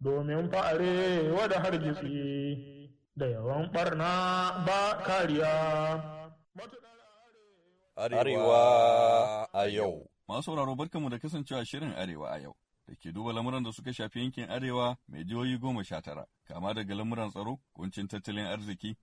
domin fa'are wada hargitsi da yawan ɓarna ba kariya. Arewa a yau. Masu sauraro barkanmu da kasancewa shirin Arewa a yau. da ke duba lamuran da suka shafi yankin arewa mai jihohi goma sha tara kama daga lamuran tsaro kuncin tattalin arziki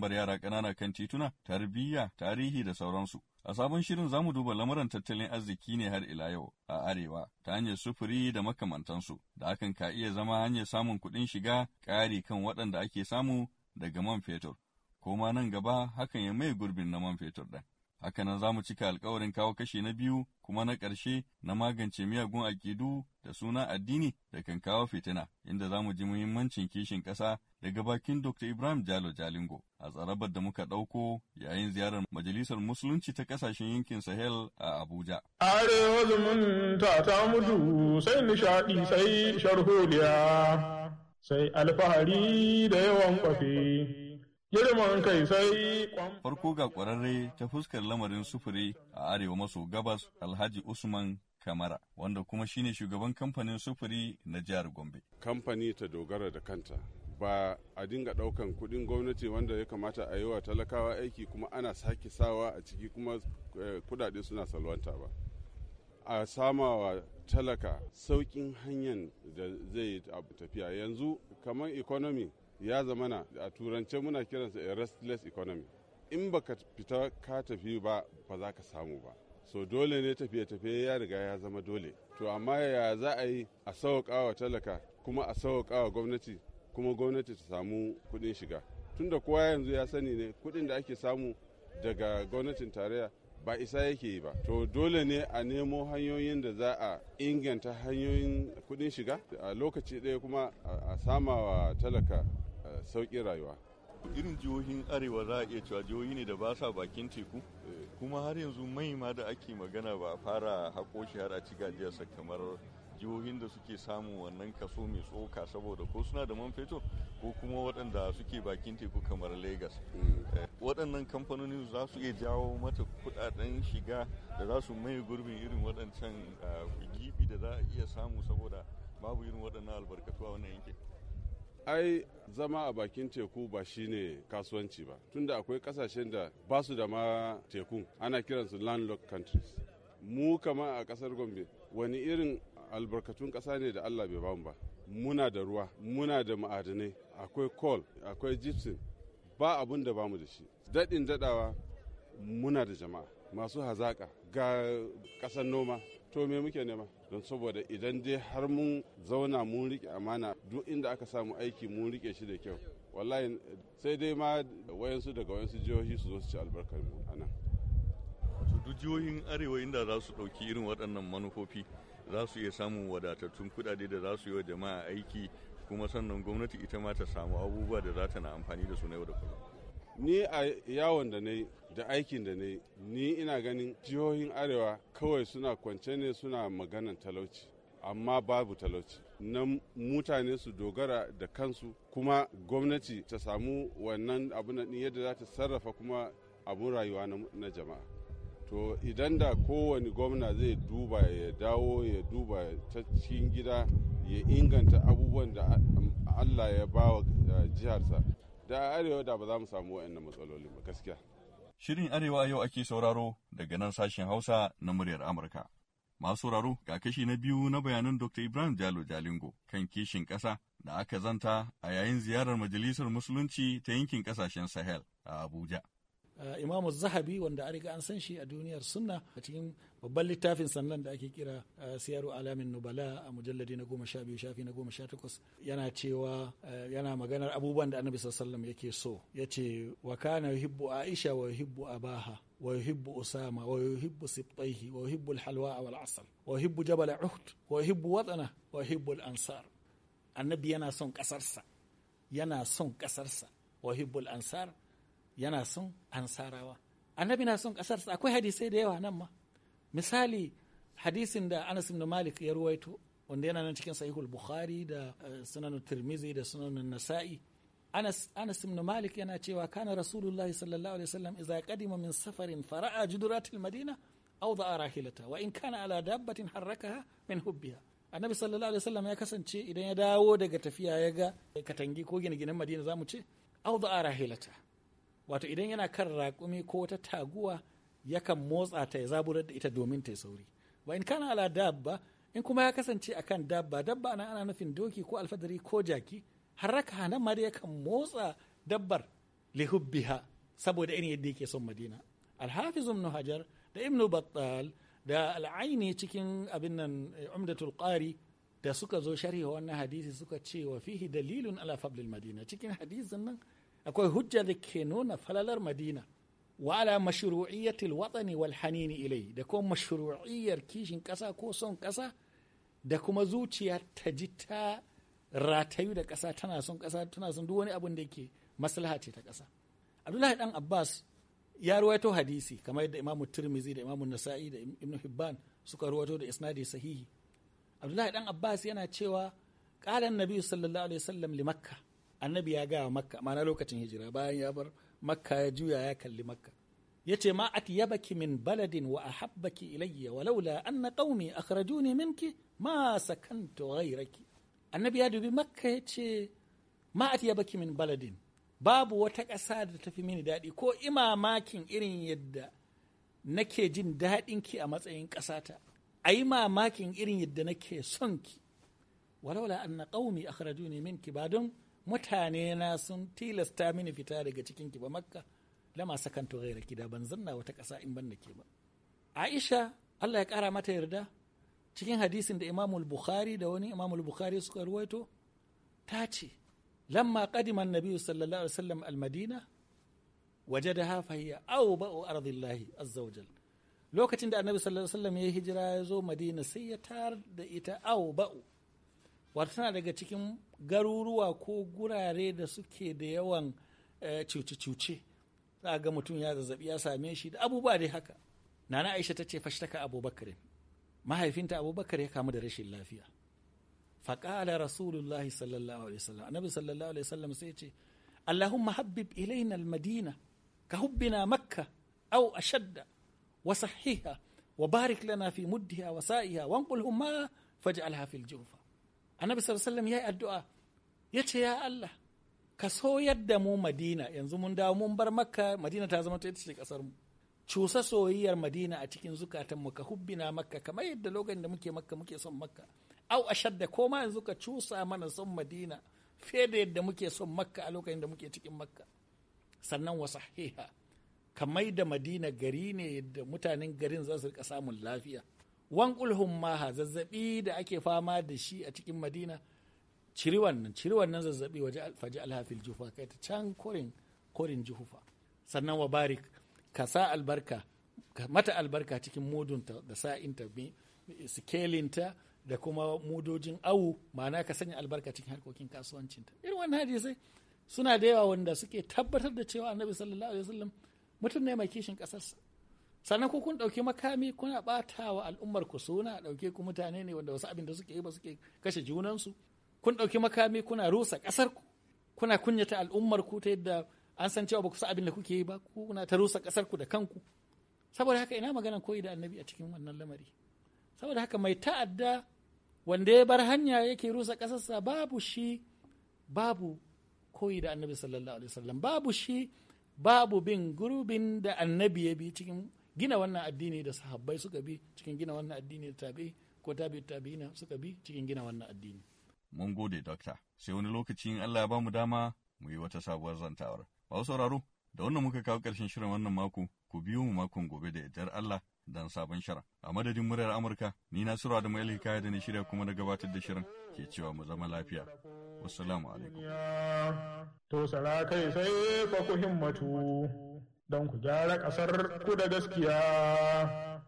bar yara ƙanana kan tituna tarbiyya tarihi da sauransu a sabon shirin za mu duba lamuran tattalin arziki ne har ila yau a arewa ta hanyar sufuri da makamantansu da hakan ka iya zama hanyar samun kuɗin shiga ƙari kan waɗanda ake samu daga man fetur ko ma nan gaba hakan ya mai gurbin na man fetur ɗin. Hakanan za mu cika alkawarin kawo kashe na biyu kuma na ƙarshe na magance miyagun aƙidu da suna addini da kan kawo fitina, inda za mu ji muhimmancin kishin ƙasa daga bakin Dr. Ibrahim Jalo Jalingo a tsarabar da muka ɗauko yayin ziyarar Majalisar Musulunci ta ƙasashen yankin Sahel a Abuja. Arewa zumunta ta mutu sai nishaɗi sai sharholiya sai alfahari da yawan kwafe. Farko ga ƙwararre ta fuskar lamarin sufuri a arewa maso gabas Alhaji Usman Kamara, wanda kuma shine shugaban kamfanin sufuri na jihar Gombe. Kamfani ta dogara da kanta, ba a dinga ɗaukan kuɗin gwamnati wanda ya kamata a yi wa talakawa aiki kuma ana sake sawa a ciki kuma eh, kuɗaɗe suna salwanta ba. A samawa talaka sauƙin hanyar da zai tafiya yanzu kamar economy ya zamana a turance muna kiransa a restless economy in baka fita ka tafi ba ba za ka samu ba so dole ne tafiye-tafiye ya riga ya zama dole to amma ya za a yi a sauƙa wa talaka kuma a sauƙa wa gwamnati kuma gwamnati ta samu kuɗin shiga tunda kowa yanzu ya sani ne kuɗin da ake samu daga gwamnatin tarayya ba isa yake yi ba to dole ne a nemo hanyoyin da za a inganta hanyoyin kuɗin shiga a lokaci ɗaya kuma a samawa talaka sauki rayuwa irin jihohin arewa za a iya cewa jihohi ne da ba sa bakin teku eh. kuma har yanzu mai ma da ake magana ba fara haƙo shi har a ci gajiyarsa kamar jihohin da suke samun wannan kaso mai tsoka saboda ko suna da man fetur ko kuma waɗanda suke bakin teku kamar legas eh. Eh, waɗannan kamfanoni za su iya jawo mata kuɗaɗen shiga da za su maye gurbin irin waɗancan ah, gibi da za a iya samu saboda babu irin waɗannan albarkatu a wannan yankin ai zama a bakin teku ba shine kasuwanci ba tunda akwai kasashen da ba su da ma teku ana kiransu landlocked countries mu kama a kasar gombe wani irin albarkatun kasa ne da allah bai bamu ba muna da ruwa muna da ma'adanai akwai coal akwai gypsum ba abun da bamu da shi daɗin daɗawa muna da jama'a masu hazaƙa ga ƙasar noma to me muke nema don saboda idan dai har mun zauna mun rike amana duk inda aka samu aiki mun rike shi da kyau wallahi sai dai ma wayansu daga wayansu jihohi su zo su ci albarkar mu anan duk jihohin arewa inda za su ɗauki irin waɗannan manufofi za su iya samun wadatattun kuɗaɗe da za su yi wa jama'a aiki kuma sannan gwamnati ita ma ta samu abubuwa da za ta na amfani da su na yau da kullum ni a yawon da na yi da aikin da na yi ni ina ganin jihohin arewa kawai suna kwance ne suna maganan talauci amma babu talauci na mutane su dogara da kansu kuma gwamnati ta samu wannan abu na yadda za ta sarrafa kuma abun rayuwa na jama'a to idan da kowane gwamna zai duba ya dawo ya duba ta cikin gida ya inganta abubuwan da allah ya ba wa eh, jiharsa da arewa da ba za mu samu wa'annan matsaloli ba gaskiya shirin arewa yau ake sauraro daga nan sashen hausa na muryar amurka masu sauraro ga kashi na biyu na bayanan dr ibrahim jalo jalingo kan kishin ƙasa da aka zanta a yayin ziyarar majalisar musulunci ta yankin ƙasashen sahel a abuja Eh, Imamu zahabi wanda an riga an san shi a duniyar sunna a cikin babban littafin sannan da ake kira eh, siyaru alamin nubala a mujalladi na goma sha biyu shafi na goma sha takwas yana cewa eh, yana maganar abubuwan da annabi sallallahu yake so ya ce wa kana yuhibbu aisha wa yuhibbu abaha wa yuhibbu usama wa yuhibbu sibtaihi wa yuhibbu alhalwa wal asal wa yuhibbu jabal uhd wa yuhibbu watana wa yuhibbu ansar annabi yana son kasarsa yana son kasarsa wa yuhibbu ansar yana son ansarawa annabi na son ƙasarsa akwai hadisai da yawa nan ma misali hadisin da anas ibn malik ya ruwaito wanda yana nan cikin sahihul bukhari da eh, sunan tirmizi da sunan nasa'i anas anas ibn malik yana cewa kana rasulullahi sallallahu alaihi wasallam idza qadima min safarin fara'a juduratil madina aw da'a rahilata wa in kana ala dabbatin harrakaha min hubbiha annabi sallallahu alaihi wasallam ya kasance idan ya dawo daga tafiya ya ga katangi ko gine-ginen madina zamu ce aw da'a rahilata wato idan yana kan raƙumi ko wata taguwa yakan motsa ta ya zaburar da ita domin ta sauri ba in kana ala dabba in kuma ya kasance akan dabba dabba ana ana nufin doki ko alfadari ko jaki har raka ma da yakan motsa dabbar lihubbiha saboda irin yadda yake son madina alhafiz ibn hajar da ibn battal da al'aini cikin abin nan eh, umdatul qari da suka zo sharhi wannan hadisi suka ce wa fihi dalilun ala fadlil madina cikin hadisin nan akwai hujja da ke nuna falalar madina wa ala mashru'iyyatil watani wal hanini ilai da kuma mashru'iyyar kishin ƙasa ko son kasa da kuma zuciya ta ji ta ratayu da kasa tana son ƙasa tana son duk wani abin da yake maslaha ce ta ƙasa abdullahi dan abbas ya ruwaito hadisi kamar yadda imamu tirmizi da imamu nasa'i da ibnu hibban suka ruwaito da isnadi sahihi abdullahi dan abbas yana cewa qala annabi sallallahu alaihi wasallam li makkah annabi ya gaya makka ma'ana lokacin hijira bayan ya bar makka ya juya ya kalli makka ya ce ma atyabaki min baladin wa ahabbaki ilayya walaula anna qaumi akhrajuni minki ma sakantu ghayraki annabi ya dubi makka ya ce ma atyabaki min baladin babu wata ƙasa da ta fi mini daɗi ko imamakin irin yadda nake jin daɗin ki a matsayin ƙasata a yi mamakin irin yadda nake son ki walaula anna qaumi akhrajuni minki ba don mutane na sun tilasta mini fita daga cikin ki ba makka lama sakanto gaira ki da ban zanna wata ƙasa in ban nake ba aisha Allah ya ƙara mata yarda cikin hadisin da imamu bukhari da wani imamu bukhari suka ruwaito ta ce lamma qadima annabi sallallahu alaihi wasallam almadina wajadaha fa hiya ba'u ardillahi azza wajal lokacin da annabi sallallahu alaihi wasallam ya hijira ya zo madina sai ya tar da ita ba'u wata tana daga cikin garuruwa ko gurare da suke da yawan eh, cuce-cuce za ga mutum ya zazzabi ya same shi da abubuwa dai haka nana aisha ta ce fashtaka abubakar mahaifinta abubakar ya kamu da rashin lafiya faƙala rasulullah sallallahu alaihi wasallam annabi sallallahu alaihi wasallam sai ce allahumma habbib ilaina almadina ka hubbina makka au ashadda wa sahiha wa barik lana fi muddiha wa sa'iha wa anqul humma faj'alha fil jufa annabi sallallahu ya yi addu'a ya ce ya Allah ka so yadda mu madina yanzu mun dawo mun bar makka madina ta zama ta ita ce kasar mu cusa soyayyar madina a cikin zukatan mu ka hubbina makka kamar yadda lokacin da muke makka muke son makka au ashadda ko ma yanzu ka cusa mana son madina fiye da yadda muke son makka a lokacin da muke cikin makka sannan wa sahiha kamar da madina gari ne yadda mutanen garin za su rika samun lafiya wanqul hummaha zazzabi da ake fama da shi a cikin madina ciri wannan ciri wannan zazzabi waje faji alhafil jufa kai ta can korin korin jufa sannan wa barik ka sa albarka ka mata albarka cikin mudunta da sa inta, sikelinta da kuma mudojin awu ma'ana ka sanya albarka cikin harkokin kasuwancinta irin wannan hadisai suna da yawa wanda suke tabbatar da cewa annabi sallallahu alaihi wasallam mutum ne mai kishin kasarsa sannan ko kun ɗauki makami kuna bata wa al'ummar ku suna ɗauke ku mutane ne wanda wasu abin da suke yi ba suke kashe junansu kun ɗauki makami kuna rusa kasar ku kuna kunyata al'ummar ku ta yadda an san cewa ba ku san abin da kuke yi ba kuna ta rusa kasar ku da kanku saboda haka ina magana koyi da annabi a cikin wannan lamari saboda haka mai ta'adda wanda ya bar hanya yake rusa sa, babu shi babu koyi da annabi sallallahu alaihi wasallam babu shi babu bin gurbin da annabi ya bi cikin gina wannan addini da sahabbai suka bi cikin gina wannan addini da tabi ko tabi tabi'ina suka bi cikin gina wannan addini. Mun gode dokta, sai wani lokaci in Allah ya ba mu dama mu yi wata sabuwar zantawar. Ba sauraro, da wannan muka kawo ƙarshen shirin wannan mako, ku biyo mu makon gobe da yardar Allah don sabon shara. A madadin muryar Amurka, ni na Sura da mai Kaya da na shirya kuma na gabatar da shirin ke cewa mu zama lafiya. Wassalamu alaikum. To, sai ku himmatu. don ku gyara ƙasar ku da gaskiya.